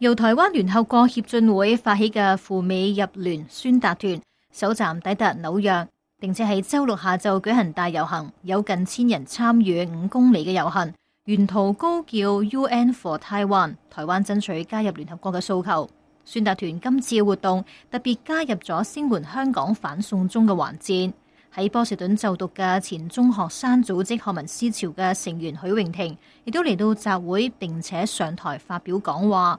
由台灣聯合國協進會發起嘅赴美入聯宣達團，首站抵達紐約，並且喺周六下晝舉行大遊行，有近千人參與五公里嘅遊行，沿途高叫 U N for Taiwan，台灣爭取加入聯合國嘅訴求。宣達團今次嘅活動特別加入咗先援香港反送中嘅環節。喺波士頓就讀嘅前中學生組織學民思潮嘅成員許穎婷，亦都嚟到集會，並且上台發表講話。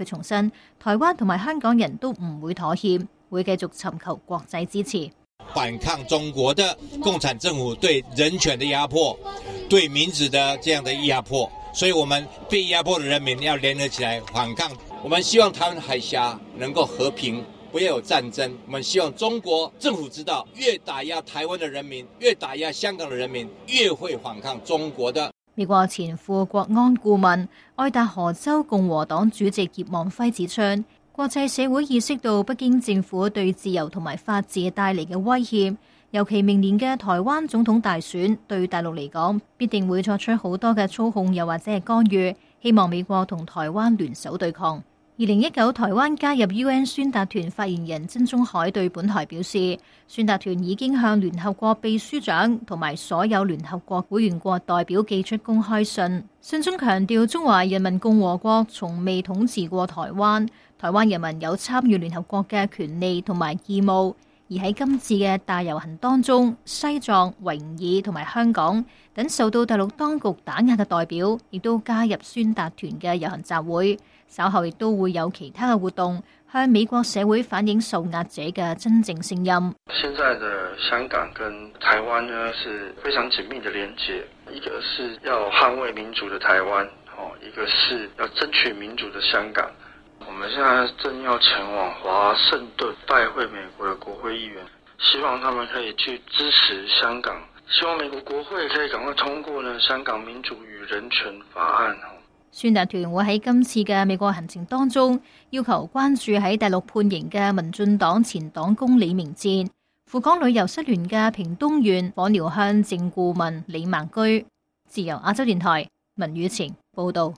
佢重申，台灣同埋香港人都唔會妥協，會繼續尋求國際支持。反抗中國的共產政府對人權的壓迫，對民主的這樣的壓迫，所以我們被壓迫的人民要聯合起來反抗。 我們希望台灣海峽能夠和平，不要有戰爭。我們希望中國政府知道，越打壓台灣的人民，越打壓香港的人民，越會反抗中國的。美國前副國安顧問、愛達荷州共和黨主席葉望輝指出，國際社會意識到北京政府對自由同埋法治帶嚟嘅威脅，尤其明年嘅台灣總統大選，對大陸嚟講必定會作出好多嘅操控，又或者係干預，希望美國同台灣聯手對抗。二零一九台灣加入 UN 宣達團發言人曾中海對本台表示，宣達團已經向聯合國秘書長同埋所有聯合國會員國代表寄出公開信，信中強調中華人民共和國從未統治過台灣，台灣人民有參與聯合國嘅權利同埋義務。而喺今次嘅大遊行當中，西藏、維吾爾同埋香港等受到大陸當局打壓嘅代表，亦都加入宣達團嘅遊行集會，稍後亦都會有其他嘅活動，向美國社會反映受壓者嘅真正聲音。現在的香港跟台灣呢是非常緊密的連結，一個是要捍衛民主的台灣哦，一個是要爭取民主的香港。我們現在正要前往華盛頓拜會美國的國會議員，希望他們可以去支持香港，希望美國國會可以趕快通過呢《香港民主與人權法案》。宣達團會喺今次嘅美國行程當中，要求關注喺大陸判刑嘅民進黨前黨工李明哲、赴港旅遊失聯嘅屏東縣枋寮鄉政顧問李孟居。自由亞洲電台文宇晴報道。